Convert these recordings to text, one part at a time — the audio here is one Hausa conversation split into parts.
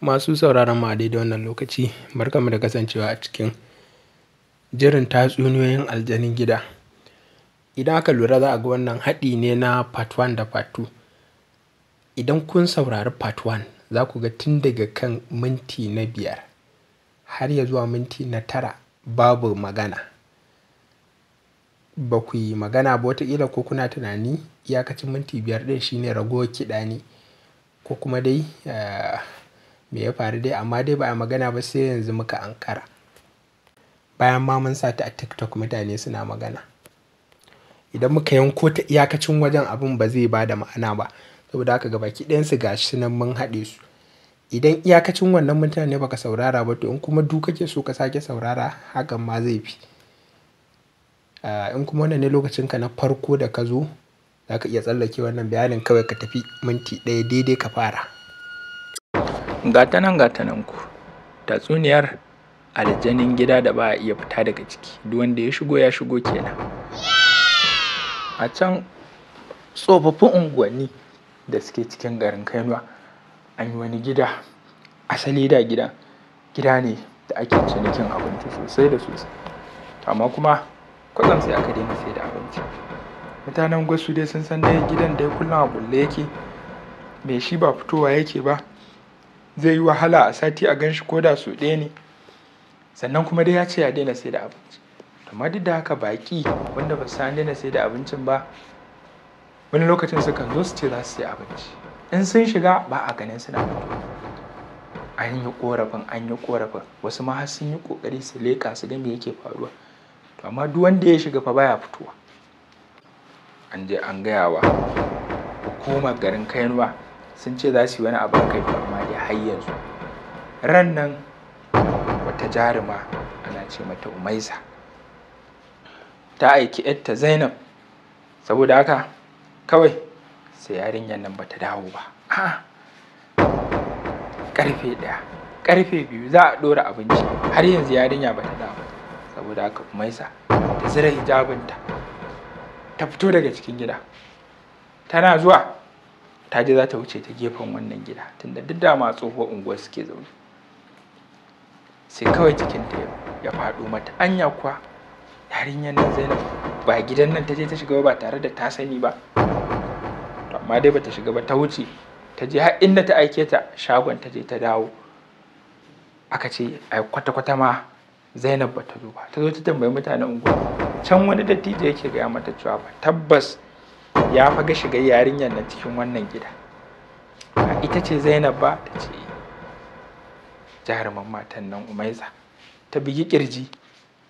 Masu sauraron mu a daidai wannan lokaci, barkanmu da kasancewa a cikin jirin tatsuniyoyin aljanin gida. Idan aka lura za a ga wannan haɗi ne na part one da part two. Idan kun saurari part one, za ku ga tun daga kan minti na biyar har ya zuwa minti na tara babu magana. Ba ku yi magana ba watakila ko kuna tunani iyakacin minti biyar ɗin shine ragowar kiɗa ne ko kuma dai, eh, me ya faru dai amma dai ba a magana ba sai yanzu muka ankara bayan ma mun sata a tiktok mutane suna magana idan muka yanko ta iyakacin wajen abin ba zai ba da ma'ana ba saboda haka ga baki ɗayansu ga shi nan mun haɗe su idan iyakacin wannan mutane baka saurara ba to in kuma duk kake so ka sake saurara hakan ma zai fi ah, in kuma wannan ne ka na farko da ka zo za ka iya tsallake wannan bayanin kawai ka tafi minti ɗaya daidai ka fara gatanan gatanan ku tatsuniyar aljanin gida da ba a iya fita daga ciki duk wanda ya shigo ya shigo kenan a can tsofaffin unguwanni da suke cikin garin kainuwa an yi wani gida asali da gida gida ne da ake cinikin abinci sosai da sosai amma kuma kwatsam sai aka daina sai da abinci mutanen gwasu dai sun san dai gidan dai kullum a bulle yake mai shi ba fitowa yake ba zai yi wahala a sati a gan shi ko da su ɗaya ne sannan kuma dai ya ce ya daina sai da abinci amma duk da haka baki wanda ba san daina sai da abincin ba wani lokacin sukan zo su ce za su sai abinci in sun shiga ba a ganin suna an yi korafin an yi korafin wasu ma har sun yi kokari su leka su ga me yake faruwa to amma duk wanda ya shiga fa baya fitowa an je an gaya wa hukumar garin kainuwa sun ce za su yi wani abu kai amma har yanzu ran nan wata jaruma ana ce mata umaisa ta aiki yarta zainab saboda haka kawai sai yarinyar nan bata dawo ba karfe ɗaya karfe biyu za a ɗora abinci har yanzu yarinya bata dawo saboda haka umaisa ta zira hijabinta ta fito daga cikin gida tana zuwa ta je za ta wuce ta gefen wannan gida tunda duk ma tsohuwar unguwa suke zaune sai kawai cikinta ya faɗo mata anya kuwa yarinyar nan zainab ba gidan nan ta je ta shiga ba tare da ta sani ba amma dai bata shiga ba ta wuce ta je har inda ta aike ta shagon ta je ta dawo aka ce ai kwata-kwata ma zainab bata zo ba ta zo ta tambayi mutanen unguwa can wani dattijo yake gaya mata cewa ba tabbas ya ga shiga yarinyar na cikin wannan gida ita ce zainab ba ta ce jaruman matan nan umaiza ta bigi kirji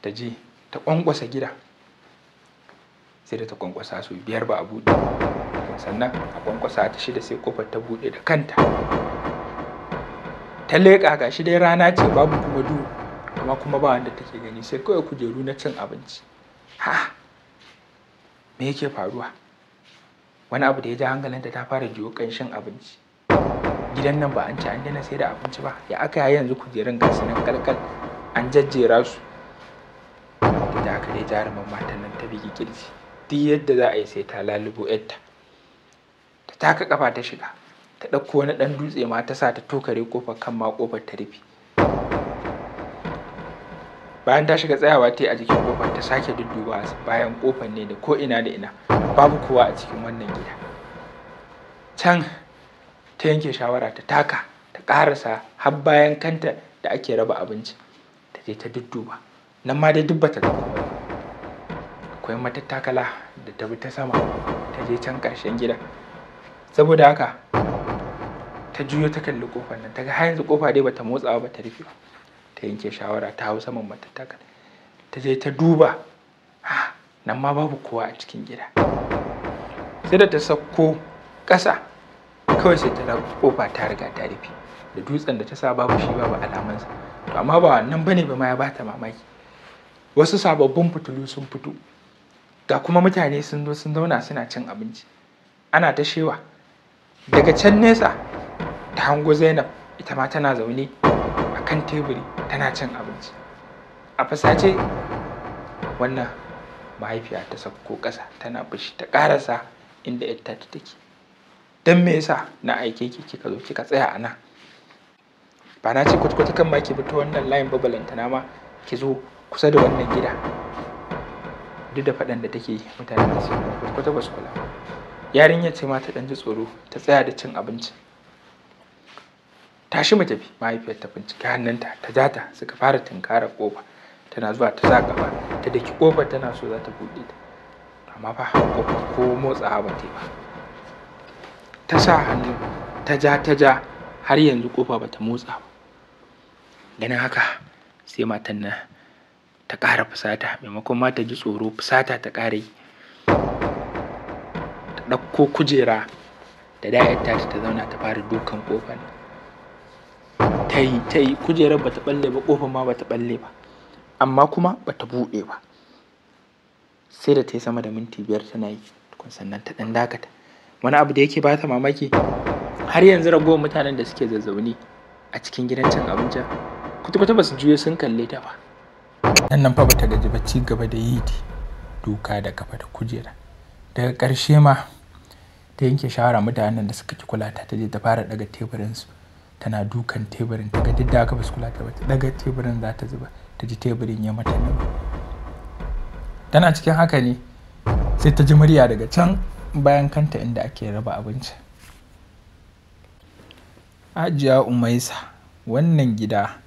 ta je ta kwankwasa gida sai da ta kwankwasa su biyar ba a buɗe sannan a kwankwasa ta shida sai kofar ta buɗe da kanta ta leƙa ga shi dai rana ce babu kuma duhu amma kuma ba wanda take gani sai kawai kujeru na cin abinci ha me yake faruwa wani abu da ya ja hankalinta ta fara jiyo kanshin abinci gidan nan ba an ci an daina sai da abinci ba ya aka yi yanzu kujerun gasu nan kalkal an jajjera su da aka dai jaruman matan nan ta bigi kirji duk yadda za a yi sai ta lalubo yadda ta taka kafa ta shiga ta ɗauko wani ɗan dutse ma ta sa ta tokare kofar kan ma kofar ta rufe bayan ta shiga tsayawa ta yi a jikin kofar ta sake dudduba bayan kofar ne da ko ina da ina babu kowa a cikin wannan gida can ta yanke shawara ta taka ta karasa har bayan kanta da ake raba abinci ta je ta dudduba nan ma dai duk bata zama akwai matattakala da ta bi ta sama ta je can ƙarshen gida saboda haka ta juyo ta kalli kofar nan ta ga har yanzu kofa dai bata motsawa ba ta rufe ta yanke shawara ta hau saman matattaka. ta je ta duba nan ma babu kowa a cikin gida sai da ta sauko ƙasa kawai sai ta kofa ta riga ta rufe da dutsen da ta sa babu shi babu alamansa to amma ba wannan bane ba ma ya bata mamaki wasu sababbin fitulu sun fito ga kuma mutane sun zo sun zauna suna cin abinci ana ta shewa daga can nesa ta hango zainab ita ma tana zaune kan teburi tana cin abinci a fasace wannan mahaifiya ta sauko ƙasa tana fushi ta ƙarasa inda yadda ta take don me yasa na aike ki kika zo kika tsaya a nan ba na ce kwatkwata kan ma ki bi ta wannan layin na ma ki zo kusa da wannan gida duk da faɗan da take mutane da su kwatkwata ba su kula yarinyar ce ma ta ɗan ji tsoro ta tsaya da cin abinci tashi mu tafi mahaifiyar ta binciki hannunta ta ta suka fara tunkarar kofa tana zuwa ta sa gaba ta daki kofar tana so za ta buɗe ta amma fa kofar ko motsa ba ta ba ta sa hannu ta ja ta ja har yanzu kofa ba ta motsa ba ganin haka sai matan nan ta ƙara fusata maimakon ma ta ji tsoro fusata ta ƙara yi ta ɗauko kujera da da'yar ta zauna ta fara dukan kofar ta yi ta yi kujerar ba ta balle ba kofar ma ba ta balle ba amma kuma ba ta buɗe ba sai da ta yi sama da minti biyar tana yi sannan ta ɗan dakata wani abu da yake bata mamaki har yanzu ragowar mutanen da suke zazzauni a cikin gidan cin abinci kwata-kwata ba su juye sun kalle ta ba nan nan fa ta gaji ba ci gaba da yi duka da kafa da kujera daga ƙarshe ma ta yanke shawara mutanen da suka ki kula ta ta je ta fara daga teburinsu tana dukan teburin ta ga duk da aka ba su kula ta ba ta daga teburin za ta zuba ta ji teburin ya mata nan tana cikin haka ne sai ta ji murya daga can bayan kanta inda ake raba abinci Ajiya umaisa wannan gida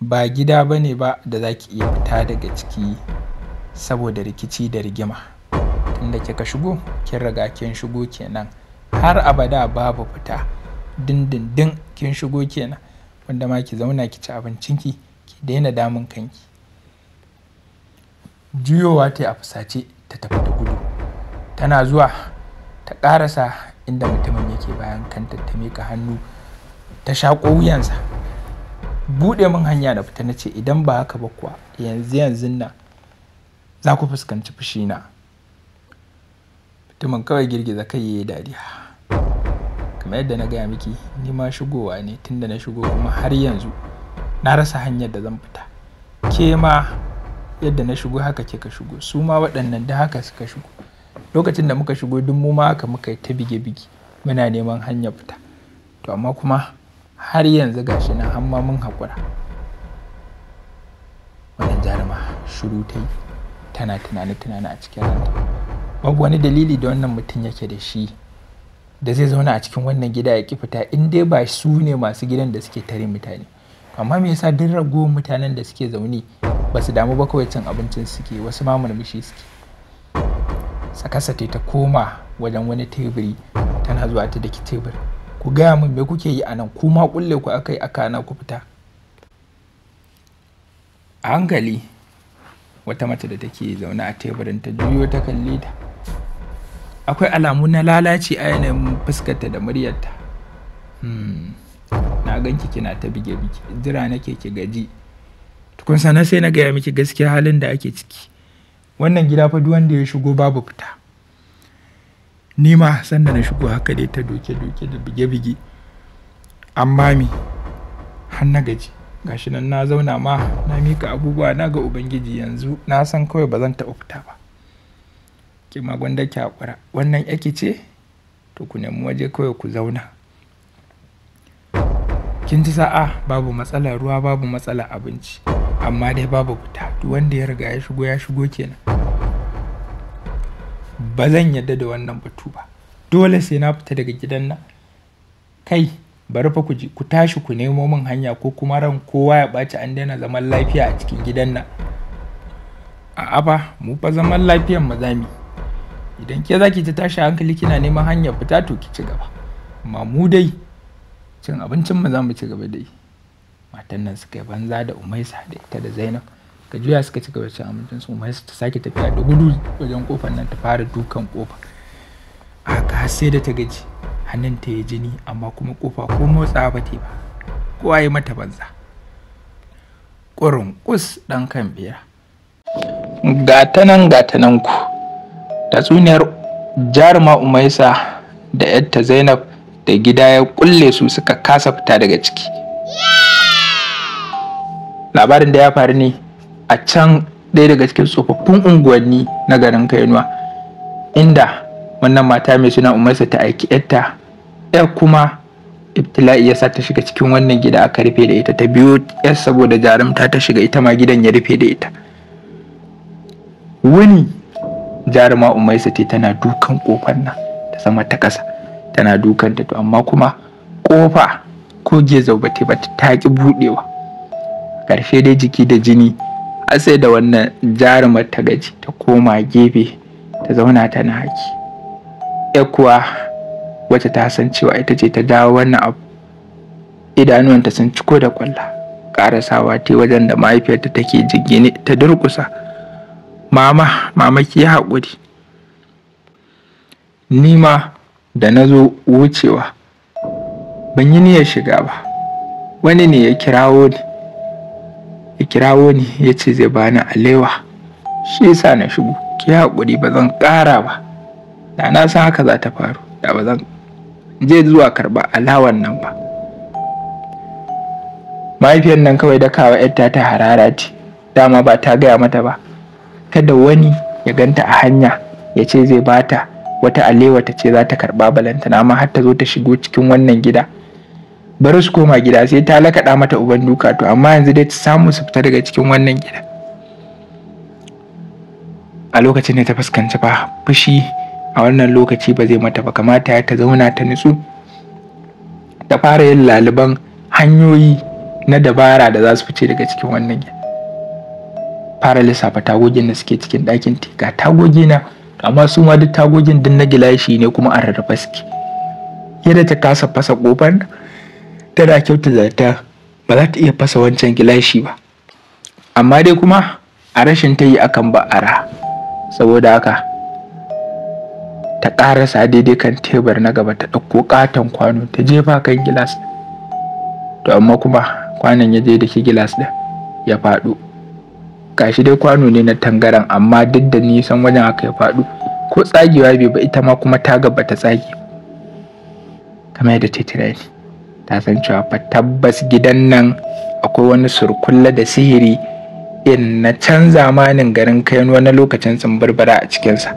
ba gida ba ne ba da za ki iya fita daga ciki saboda rikici da rigima tunda kika shigo kin riga kin shigo kenan har abada babu fita dindindin kin shigo kenan wanda ma ki zauna ki ci abincin ki ki daina damun kanki juyowa ta a fusace ta tafi da gudu tana zuwa ta ƙarasa inda mutumin yake bayan kanta ta miƙa hannu ta shaƙo wuyansa buɗe min hanya da fita na ce idan ba haka ba kuwa yanzu yanzu nan za ku fuskanci fushina mutumin kawai girgiza kai ya yi dariya kamar yadda na gaya miki ni ma shigowa ne tunda na shigo kuma har yanzu na rasa hanyar da zan fita ke ma yadda na shigo haka ke ka shigo su ma waɗannan da haka suka shigo lokacin da muka shigo duk mu ma haka muka yi ta bige-bige muna neman hanyar fita to amma kuma har yanzu gashi na amma mun haƙura wannan jaruma shiru ta yi tana tunani-tunani a cikin ranta babu wani dalili da wannan mutum yake da shi da zai zauna a cikin wannan gida ya ki fita in dai ba su ne masu gidan da suke tare mutane amma me yasa duk ragowar mutanen da suke zaune ba su damu ba kawai cin abincin suke wasu ma murmushi suke sakasa ta koma wajen wani teburi tana zuwa ta daki tebur ku gaya min me kuke yi a nan ku kulle ku akai aka na ku fita a hankali wata mace da take zaune a teburin ta juyo ta kalli ta akwai alamu na lalaci a yanayin fuskarta da muryarta hmm. na ganki kina ta bige bige jira nake ki gaji tukun sana sai na gaya miki gaskiya halin da ake ciki wannan gida fa duk wanda ya shigo babu fita ni ma sanda na shigo haka dai ta doke doke da bige bige amma mi har na gaji gashi nan na zauna ma na mika abubuwa na ga ubangiji yanzu na san kawai ba zan taɓa fita ba ki ma gwanda ki haƙura wannan yaki ce to ku nemi waje kawai ku zauna kin ji sa'a babu matsala ruwa babu matsala abinci amma dai babu fita duk wanda ya riga ya shigo ya shigo kenan ba zan yadda da wannan batu ba dole sai na fita daga gidan nan kai bari fa ku ji ku tashi ku nemo min hanya ko kuma ran kowa ya ɓaci an daina zaman lafiya a cikin gidan nan a'a ba mu fa zaman lafiyar mu zamu idan ke zaki ta tashi hankali kina neman hanyar fita to ki ci gaba amma mu dai cin abincin mu za mu ci gaba dai matan nan suka yi banza da umaisa da ita da zainab ka juya suka ci gaba cin abincin su umaisa ta sake tafiya da gudu wajen kofar nan ta fara dukan kofa a sai da ta gaji hannun ta yi jini amma kuma kofa ko motsa ba ta ba kowa yi mata banza ƙurin ɗan kan biya gata nan ku tatsuniyar jaruma umaisa da yadda zainab da gida ya kulle su suka kasa fita daga ciki labarin da ya faru ne a can ɗaya daga cikin tsofaffin unguwanni na garin kainuwa inda wannan mata mai suna umarsa ta aiki yarta ya kuma ibtila'i ya sa ta shiga cikin wannan gida aka rufe da ita ta biyo yar saboda jarumta ta shiga ita ma gidan ya rufe da ita wani jaruma umaisa ce tana dukan kofar nan ta zama ta ƙasa, tana dukan ta to amma kuma kofa ko gezo ba ta bata ta ki budewa karfe dai jiki da jini a sai da wannan jarumar ta gaji ta koma gefe ta zauna tana haki ya kuwa wacce ta san cewa ita ce ta dawo wannan abu idanuwanta sun ciko da kwalla karasawa ta wajen da mahaifiyarta take jingine ta durkusa mama mama ki haƙuri ni ma da na zo wucewa ban yi niyyar shiga ba wani ne ya kirawo ni ya kirawo ni ya ce zai bani alewa shi yasa na shigo ki hakuri, ba zan ƙara ba da na san haka za ta faru da ba zan je zuwa karɓa alawan nan ba mahaifiyar nan kawai da kawa yarta ta harara dama ba ta gaya mata ba kada wani ya ganta a hanya ya ce zai bata wata alewa ta ce za ta karba na amma har ta zo ta shigo cikin wannan gida bari su koma gida sai ta lakaɗa mata uban duka to amma yanzu dai ta samu su fita daga cikin wannan gida a lokacin da ta fuskanci ba fushi a wannan lokaci ba zai mata ba kamata ya ta zauna ta nutsu ta fara yin laliban hanyoyi na dabara da za su fice daga cikin wannan gida fara lissafa tagogin da suke cikin ɗakin ga tagogi na amma su ma duk tagogin din na gilashi ne kuma an rarrafa suke yadda ta kasa fasa kofar tana kyauta da ta ba za ta iya fasa wancan gilashi ba amma dai kuma a rashin ta yi akan ba ara saboda haka ta ƙarasa daidai kan tebur na gaba ta ɗauko ƙaton kwano ta jefa kan gilas to amma kuma kwanan ya je da ke gilas ɗin ya faɗo gashi dai kwano ne na tangaran amma duk da nisan wajen aka ya faɗo ko tsagewa bai ba ita ma kuma ta gaba ta tsage kamar yadda ta tunani ta san cewa fa tabbas gidan nan akwai wani surkulla da sihiri in na can zamanin garin kayan wani lokacin tsimbarbara a cikinsa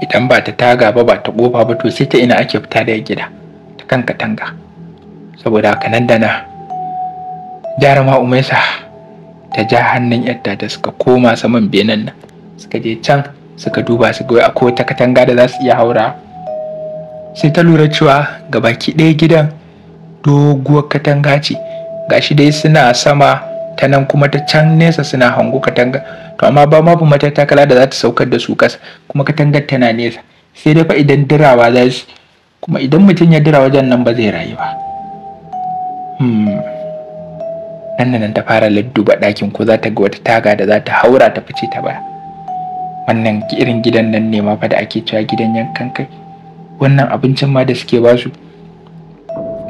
idan ba ta taga ba ba ta kofa ba to sai ta ina ake fita da gida ta kanka tanga saboda haka nan da na jarama umaisa ta ja hannun yadda da suka koma saman benin nan suka je can suka duba su ga akwai ta katanga da za su iya haura sai ta lura cewa ga baki ɗaya gidan doguwar katanga ce gashi dai suna sama ta nan kuma ta can nesa suna hango katanga to amma ba ma matattakala da za ta saukar da su kasa kuma katangar tana nesa sai dai fa idan dirawa za su kuma idan mutum ya dira wajen nan ba zai rayu ba hmm. nan nan ta fara ladduba ɗakin ko za ta ga wata taga da za ta haura ta fice ta baya wannan irin gidan nan ne ma fa da ake cewa gidan yankan kai wannan abincin ma da suke basu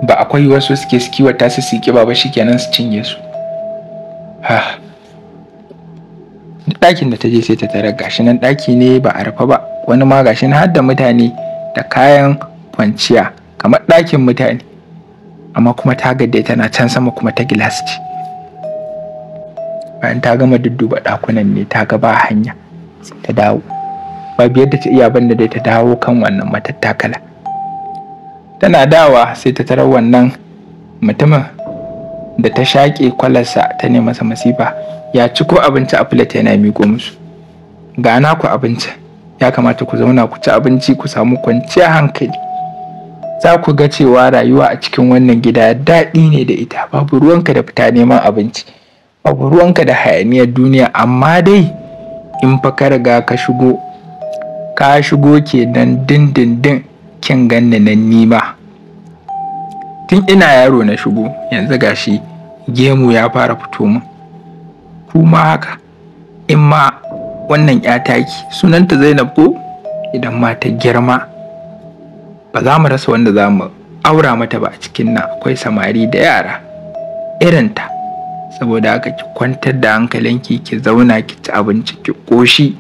ba akwai wasu suke kiwata su su kiba ba shikenan su cinye su ha ɗakin da ta je sai ta tara gashi nan ɗaki ne ba a rufe ba wani ma gashi nan har da mutane da kayan kwanciya kamar ɗakin mutane amma kuma ta gadda tana can sama kuma ta gilas ce bayan ta gama dudduba ɗakunan ne ta ga ba hanya ta dawo ba biyar da ta iya ban da dai ta dawo kan wannan matattakala tana dawa sai ta tarar wannan mutumin da ta shaƙe kwalarsa ta nema masa masifa ya ci ko abinci a filet yana miƙo musu ga na ku abinci ya kamata ku zauna ku ci abinci ku samu kwanciyar hankali za ku ga cewa rayuwa a cikin wannan gida daɗi ne da ita babu ruwanka da fita neman abinci abu ruwanka da hayaniyar duniya amma dai in fa ka riga ka shigo ka shigo nan dindindin kin ganni nan nima tun ina yaro na shigo yanzu gashi gemu ya fara fito min kuma haka in ma wannan ya taki sunanta zainab ko idan ma ta girma ba za mu rasa wanda za mu aura mata ba a cikin nan akwai samari da yara irinta saboda haka ki kwantar da hankalinki ki zauna ki ci abinci ki ƙoshi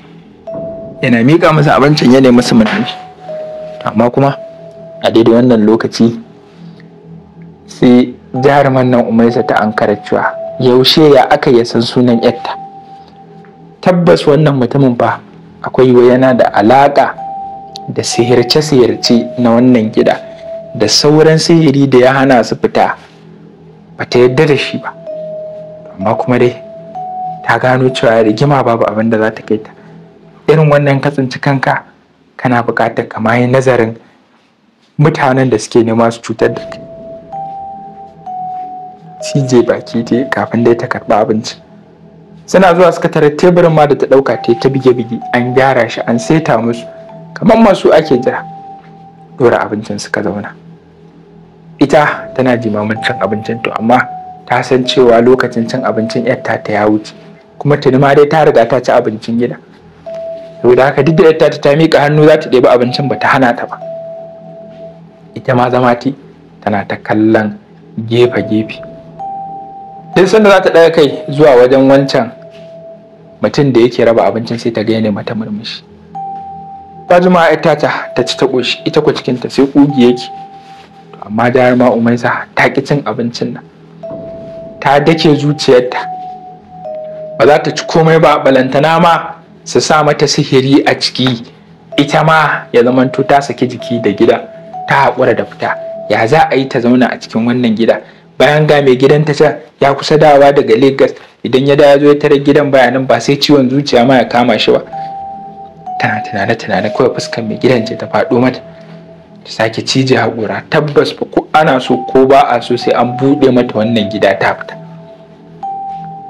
yana miƙa masa abincin yanayin su murmushi amma kuma a daidai wannan lokaci sai jaruman nan umaisa ta ankara cewa yaushe ya aka ya san sunan yatta tabbas wannan mutumin ba akwai yana da alaƙa da sihirce-sihirce na wannan gida da sauran sihiri da ya hana su fita ba ta yadda da shi ba amma kuma dai ta gano cewa rigima babu abin da za ta kai ta irin wannan katsinci kanka kana buƙatar kama yin nazarin mutanen da suke nema su cutar da kai cije baki dai kafin dai ta karɓi abinci suna zuwa suka tare teburin ma da ta ɗauka ta ta bige-bige an gyara shi an saita musu kamar masu ake jira dora abincin suka zauna ita tana jimamin cin abincin to amma ta san cewa lokacin cin abincin yarta ta ya wuce kuma tuni ma dai ta riga ta ci abincin gida saboda haka duk da yarta ta miƙa hannu za ta ɗebi abincin ba ta hana ta ba ita ma zama ti tana ta kallon gefe-gefe duk sanda za ta ɗaga kai zuwa wajen wancan mutum da yake raba abincin sai ta gane mata murmushi ta jima ita ta ta ci ta ƙoshi ita ko cikinta sai ƙugi yake amma ma umaisa ta ƙi cin abincin nan ta dake zuciyarta ba za ta ci komai ba balantana ma su sa mata sihiri a ciki ita ma ya zamanto ta saki jiki da gida ta haƙura da fita ya za a yi ta zauna a cikin wannan gida bayan ga mai gidan ta ya kusa dawa daga lagos idan ya dawo ya tare gidan bayanan ba sai ciwon zuciya ma ya kama shi ba tana tunane tunane kawai fuskar mai gidan ce ta faɗo mata ta sake cije haƙura tabbas ba ko ana so ko ba a so sai an buɗe mata wannan gida ta fita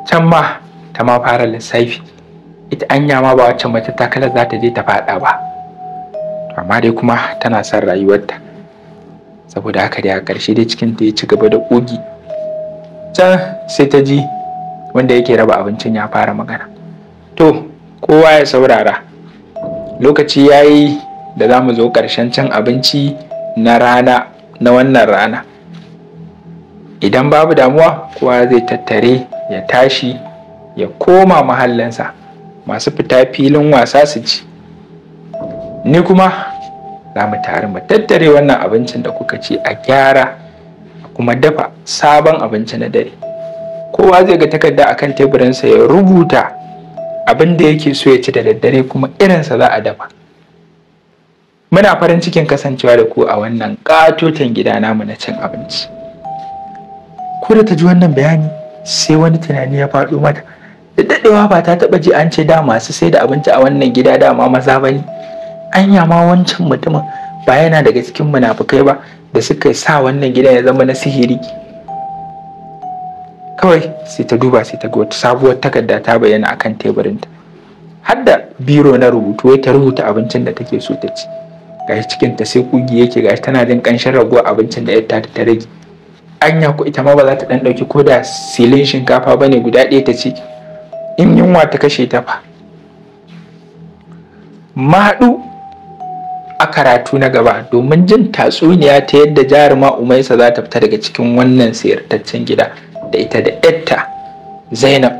can ma ta ma fara lissafi ita anya ma ba wacce mace takala za ta je ta faɗa ba amma dai kuma tana son rayuwarta saboda haka dai a ƙarshe dai cikin ta ya ci gaba da ƙogi can sai ta ji wanda yake raba abincin ya fara magana to kowa ya saurara lokaci ya yi da za mu zo ƙarshen cin abinci na rana na wannan rana idan babu damuwa kowa zai tattare ya tashi ya koma mahallinsa masu fita filin wasa su ci ni kuma za mu tare mu tattare wannan abincin da kuka ci a gyara kuma dafa sabon abinci na dare kowa zai ga takarda a kan teburinsa ya rubuta abin da yake so ya ci da daddare kuma irinsa za a dafa Muna farin cikin kasancewa da ku a wannan ƙatoton gida namu na cin abinci. Ko da ta ji wannan bayani sai wani tunani ya faɗo mata. Da daɗewa ba ta taɓa ji an ce da masu sai da abinci a wannan gida dama maza ba ne. Anya ma wancan mutumin ba yana daga cikin munafukai ba da suka sa wannan gida ya zama na sihiri. Kawai sai ta duba sai ta ga wata sabuwar takarda ta bayyana akan teburinta. da biro na rubutu wai ta rubuta abincin da take so ta ci. gashi cikin ta sai kugi yake gashi tana jin kanshin rago abincin da ta ta rage anya ko ita ma ba za ta dan dauki ko da silin shinkafa bane guda ɗaya ta ci in yunwa ta kashe ta fa mahaɗu a karatu na gaba domin jin tatsuniya ta yadda jaruma umaisa za ta fita daga cikin wannan sayartaccen gida da ita da yarta zainab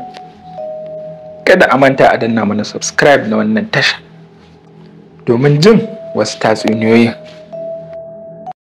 kada a manta a danna mana subscribe na wannan tasha domin jin wasu tatsuniyoyin